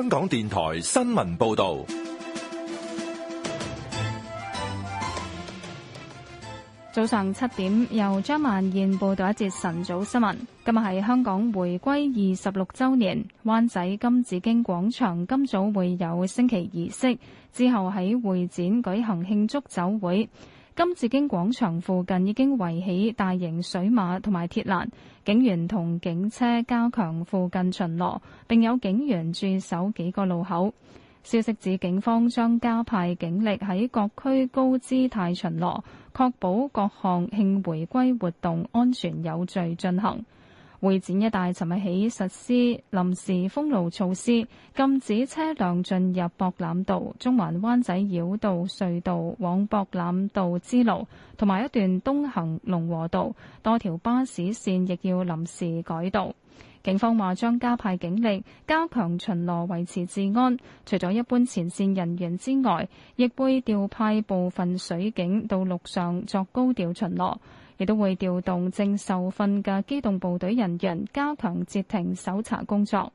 香港電台新聞報道，早上七點由張曼燕報道一節晨早新聞。今日係香港回歸二十六週年，灣仔金紫荊廣場今早會有升旗儀式，之後喺會展舉行慶祝酒會。金紫荊廣場附近已經圍起大型水馬同埋鐵欄，警員同警車加強附近巡邏，並有警員駐守幾個路口。消息指警方將加派警力喺各區高姿態巡邏，確保各項慶回歸活動安全有序進行。會展一帶，尋日起實施臨時封路措施，禁止車輛進入博覽道、中環灣仔繞道隧道往博覽道之路，同埋一段東行龍和道。多條巴士線亦要臨時改道。警方話將加派警力，加強巡邏維持治安。除咗一般前線人員之外，亦會調派部分水警到陸上作高調巡邏。亦都會調動正受訓嘅機動部隊人員，加強截停搜查工作。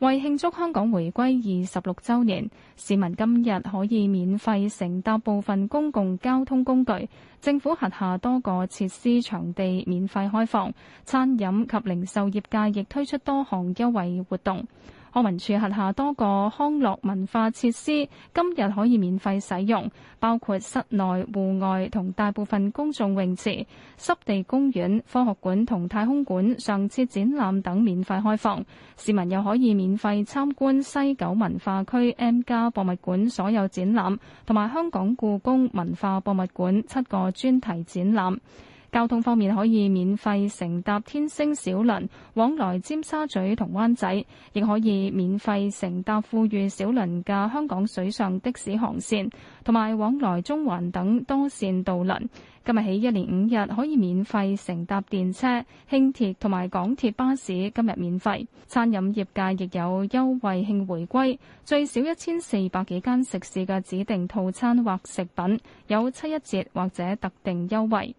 為慶祝香港回歸二十六週年，市民今日可以免費乘搭部分公共交通工具。政府轄下多個設施場地免費開放，餐飲及零售業界亦推出多項優惠活動。康文署轄下多個康樂文化設施今日可以免費使用，包括室內、戶外同大部分公眾泳池、濕地公園、科學館同太空館上次展覽等免費開放。市民又可以免費參觀西九文化區 M+ 博物館所有展覽，同埋香港故宮文化博物館七個專題展覽。交通方面，可以免費乘搭天星小輪，往來尖沙咀同灣仔，亦可以免費乘搭富裕小輪嘅香港水上的士航線，同埋往來中環等多線渡輪。今日起一連五日可以免費乘搭電車、輕鐵同埋港鐵巴士。今日免費餐飲業界亦有優惠慶回歸，最少一千四百幾間食肆嘅指定套餐或食品有七一折或者特定優惠。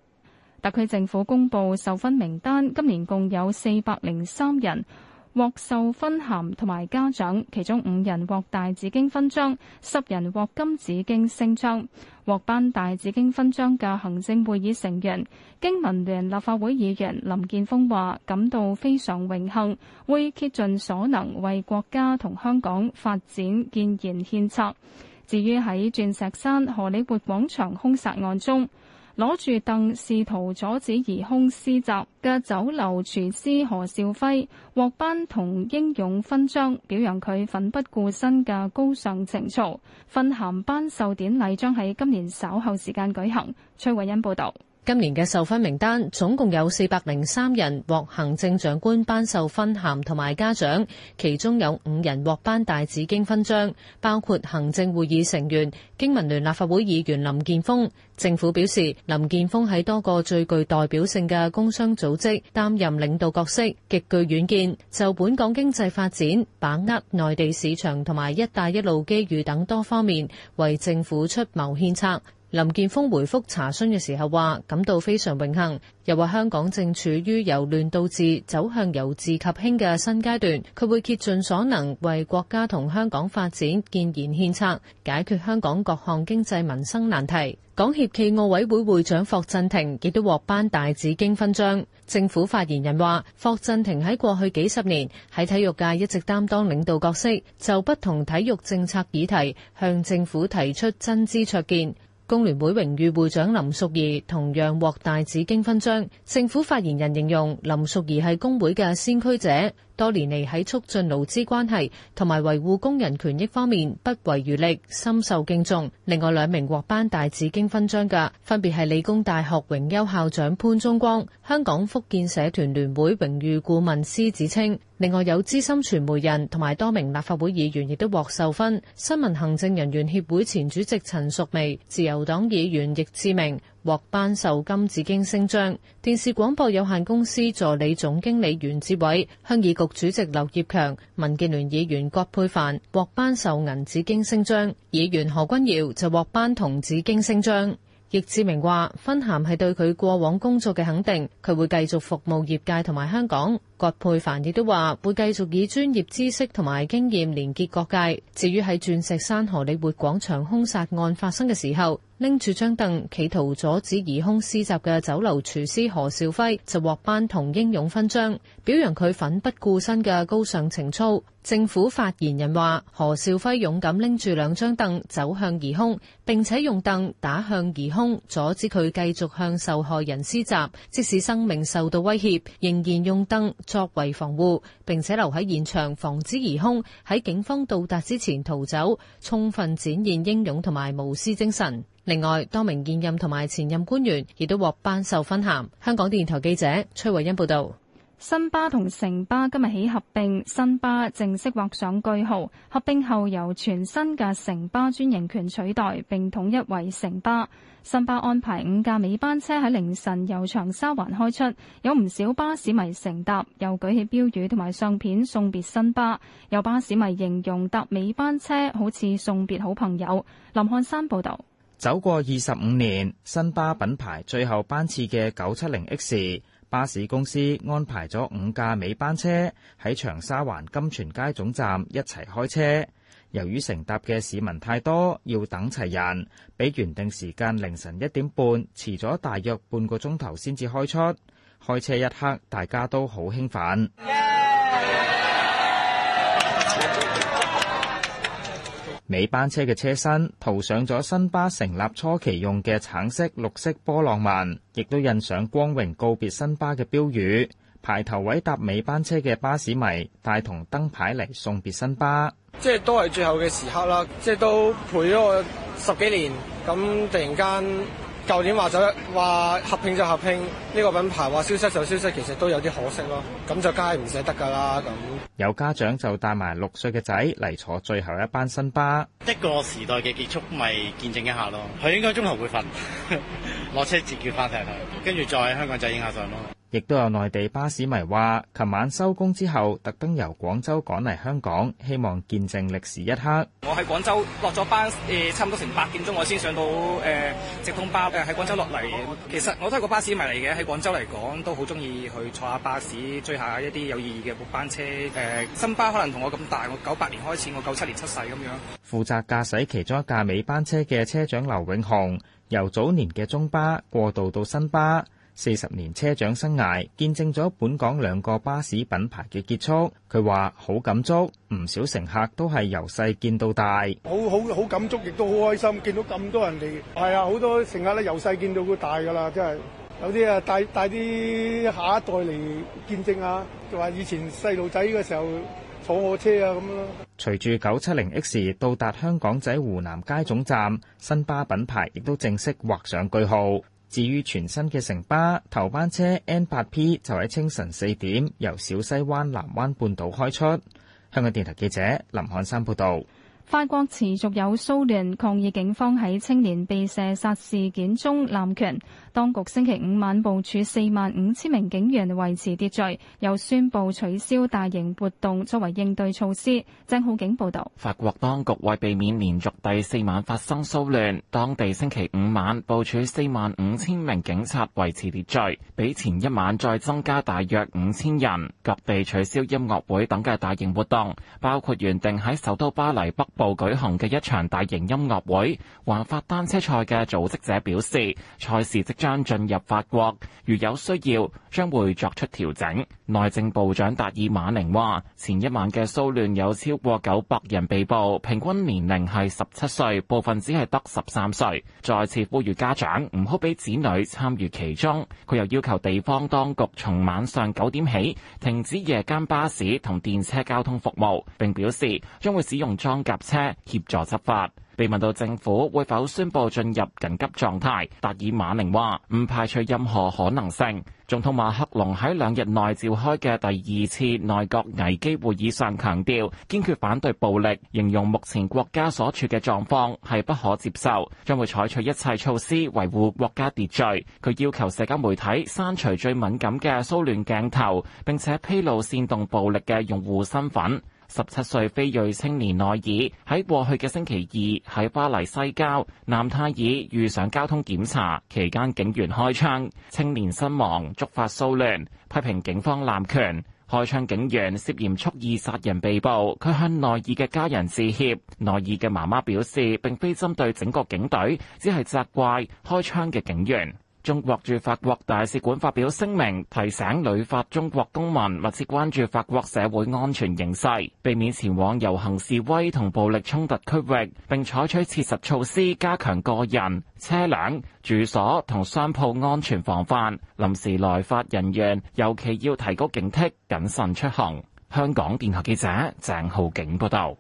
特區政府公布授勳名單，今年共有四百零三人獲授勳銜同埋嘉獎，其中五人獲大紫荊勳章，十人獲金紫荊星章。獲頒大紫荊勳章嘅行政會議成員，經民聯立法會議員林健鋒話，感到非常榮幸，會竭盡所能為國家同香港發展建言獻策。至於喺鑽石山荷里活廣場兇殺案中，攞住凳試圖阻止疑兇施襲嘅酒樓廚師何少輝獲頒銅英勇勳章，表揚佢奮不顧身嘅高尚情操。勳銜頒授典禮將喺今年稍後時間舉行。崔慧欣報道。今年嘅授勳名單總共有四百零三人獲行政長官頒授勳銜同埋嘉獎，其中有五人獲頒大紫荊勳章，包括行政會議成員、經民聯立法會議員林建峰。政府表示，林建峰喺多個最具代表性嘅工商組織擔任領導角色，極具遠見，就本港經濟發展、把握內地市場同埋一帶一路機遇等多方面為政府出謀獻策。林健鋒回覆查詢嘅時候話，感到非常榮幸，又話香港正處於由亂到治走向由治及興嘅新階段，佢會竭盡所能為國家同香港發展建言獻策，解決香港各項經濟民生難題。港協暨奧委會會長霍震霆亦都獲頒大紫荊勳章。政府發言人話，霍震霆喺過去幾十年喺體育界一直擔當領導角色，就不同體育政策議題向政府提出真知灼見。工聯會榮譽會長林淑儀同樣獲大紫荊勳章。政府發言人形容林淑儀係工會嘅先驅者。多年嚟喺促進勞資關係同埋維護工人權益方面不遺餘力，深受敬重。另外兩名獲頒大紫荊勳章嘅分別係理工大學榮休校長潘宗光、香港福建社團聯會榮譽顧問施子清。另外有資深傳媒人同埋多名立法會議員亦都獲授勳。新聞行政人員協會前主席陳淑薇、自由黨議員易志明，獲頒授金紫荊星章。電視廣播有限公司助理總經理袁志偉、鄉議局主席劉業強、民建聯議員葛佩帆獲頒授銀紫荊星章。議員何君堯就獲頒銅紫荊星章。易志明話，勳銜係對佢過往工作嘅肯定，佢會繼續服務業界同埋香港。郭佩凡亦都話會繼續以專業知識同埋經驗連結各界。至於喺鑽石山荷里活廣場凶殺案發生嘅時候，拎住張凳企圖阻止疑凶施襲嘅酒樓廚師何兆輝就獲頒銅英勇勳章，表揚佢奮不顧身嘅高尚情操。政府發言人話：何兆輝勇敢拎住兩張凳走向疑凶，並且用凳打向疑凶，阻止佢繼續向受害人施襲，即使生命受到威脅，仍然用凳作為防護，並且留喺現場防止疑兇喺警方到達之前逃走，充分展現英勇同埋無私精神。另外，多名現任同埋前任官員亦都獲頒授勳銜。香港電台記者崔慧欣報道。新巴同城巴今日起合併，新巴正式畫上句號。合併後由全新嘅城巴專營權取代，並統一為城巴。新巴安排五架尾班車喺凌晨由長沙環開出，有唔少巴士迷乘搭，又舉起標語同埋相片送別新巴。有巴士迷形容搭尾班車好似送別好朋友。林漢山報道。走過二十五年，新巴品牌最後班次嘅九七零 X。巴士公司安排咗五架尾班車喺長沙灣金泉街總站一齊開車，由於乘搭嘅市民太多，要等齊人，比原定時間凌晨一點半遲咗大約半個鐘頭先至開出。開車一刻，大家都好興奮。Yeah! 尾班車嘅車身塗上咗新巴成立初期用嘅橙色、綠色波浪紋，亦都印上「光榮告別新巴」嘅標語。排頭位搭尾班車嘅巴士迷，帶同燈牌嚟送別新巴，即係都係最後嘅時刻啦！即係都陪咗我十幾年，咁突然間。舊年話咗話合併就合併，呢個品牌話消失就消失，其實都有啲可惜咯。咁就梗係唔捨得㗎啦。咁有家長就帶埋六歲嘅仔嚟坐最後一班新巴。一個時代嘅結束，咪見證一下咯。佢應該中途會瞓，落 車直接返艇去，跟住再喺香港仔影下相咯。亦都有內地巴士迷話，琴晚收工之後，特登由廣州趕嚟香港，希望見證歷史一刻。我喺廣州落咗班，誒差唔多成八點鐘，我先上到誒、呃、直通巴。喺、呃、廣州落嚟，其實我都係個巴士迷嚟嘅。喺廣州嚟講，都好中意去坐下巴士，追下一啲有意義嘅末班車。誒、呃、新巴可能同我咁大，我九八年開始，我九七年出世咁樣。負責駕駛其中一架尾班車嘅車長劉永雄，由早年嘅中巴過渡到新巴。四十年車長生涯，見證咗本港兩個巴士品牌嘅結束。佢話好感觸，唔少乘客都係由細見到大，好好好感觸，亦都好開心，見到咁多人嚟，係啊，好多乘客咧，由細見到佢大㗎啦，真係有啲啊帶帶啲下一代嚟見證啊。就話以前細路仔嘅時候坐我車啊咁咯。隨住九七零 X 到達香港仔湖南街總站，新巴品牌亦都正式畫上句號。至於全新嘅城巴頭班車 N8P 就喺清晨四點由小西灣藍灣半島開出。香港電台記者林漢山報道。法國持續有騷亂，抗議警方喺青年被射殺事件中濫權。當局星期五晚部署四萬五千名警員維持秩序，又宣佈取消大型活動作為應對措施。鄭浩景報道：法國當局為避免連續第四晚發生騷亂，當地星期五晚部署四萬五千名警察維持秩序，比前一晚再增加大約五千人，及被取消音樂會等嘅大型活動，包括原定喺首都巴黎北部舉行嘅一場大型音樂會。環法單車賽嘅組織者表示，賽事即將進入法國，如有需要將會作出調整。內政部長達爾馬寧話，前一晚嘅騷亂有超過九百人被捕，平均年齡係十七歲，部分只係得十三歲。再次呼籲家長唔好俾子女參與其中。佢又要求地方當局從晚上九點起停止夜間巴士同電車交通服務，並表示將會使用裝甲。協助執法。被問到政府會否宣佈進入緊急狀態，達爾馬寧話唔排除任何可能性。總統馬克龍喺兩日內召開嘅第二次內閣危機會議上強調，堅決反對暴力，形容目前國家所處嘅狀況係不可接受，將會採取一切措施維護國家秩序。佢要求社交媒體刪除最敏感嘅騷亂鏡頭，並且披露煽動暴力嘅用戶身份。十七歲非裔青年內爾喺過去嘅星期二喺巴黎西郊南泰爾遇上交通檢查期間，警員開槍，青年身亡，觸發騷亂。批評警方濫權。開槍警員涉嫌蓄，蓄意殺人被捕。佢向內爾嘅家人致歉。內爾嘅媽媽表示，並非針對整個警隊，只係責怪開槍嘅警員。中國駐法國大使館發表聲明，提醒旅法中國公民密切關注法國社會安全形勢，避免前往遊行示威同暴力衝突區域，並採取切實措施加強個人、車輛、住所同商鋪安全防範。臨時來法人員尤其要提高警惕，謹慎出行。香港電台記者鄭浩景報道。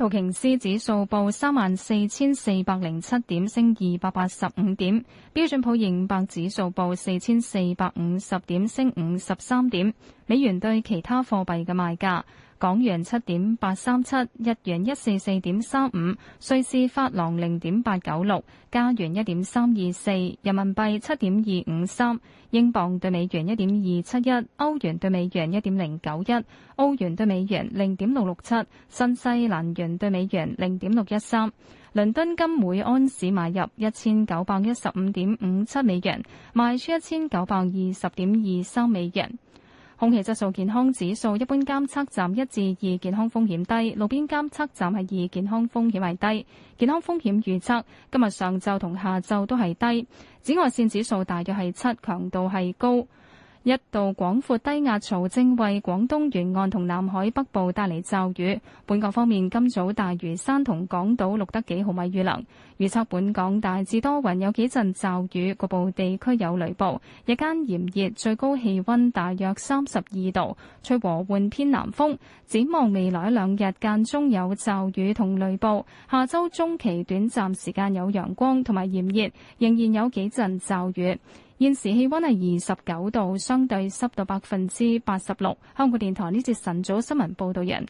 道瓊斯指數報三萬四千四百零七點，升二百八十五點；標準普爾五百指數報四千四百五十點，升五十三點。美元對其他貨幣嘅賣價。港元七點八三七，日元一四四點三五，瑞士法郎零點八九六，加元一點三二四，人民幣七點二五三，英鎊兌美元一點二七一，歐元兌美元一點零九一，歐元兌美元零點六六七，新西蘭元兌美元零點六一三。倫敦金每安士買入一千九百一十五點五七美元，賣出一千九百二十點二三美元。空氣質素健康指數一般監測站一至二，健康風險低；路邊監測站係二，健康風險係低。健康風險預測今日上晝同下晝都係低。紫外線指數大約係七，強度係高。一道廣闊低壓槽正為廣東沿岸同南海北部帶嚟驟雨。本港方面，今早大嶼山同港島錄得幾毫米雨量。預測本港大致多雲，有幾陣驟雨，局部地區有雷暴。日間炎熱，最高氣溫大約三十二度，吹和緩偏南風。展望未來兩日間中有驟雨同雷暴，下周中期短暫時間有陽光同埋炎熱，仍然有幾陣驟雨。現時氣溫係二十九度，相對濕度百分之八十六。香港電台呢節晨早新聞報道人。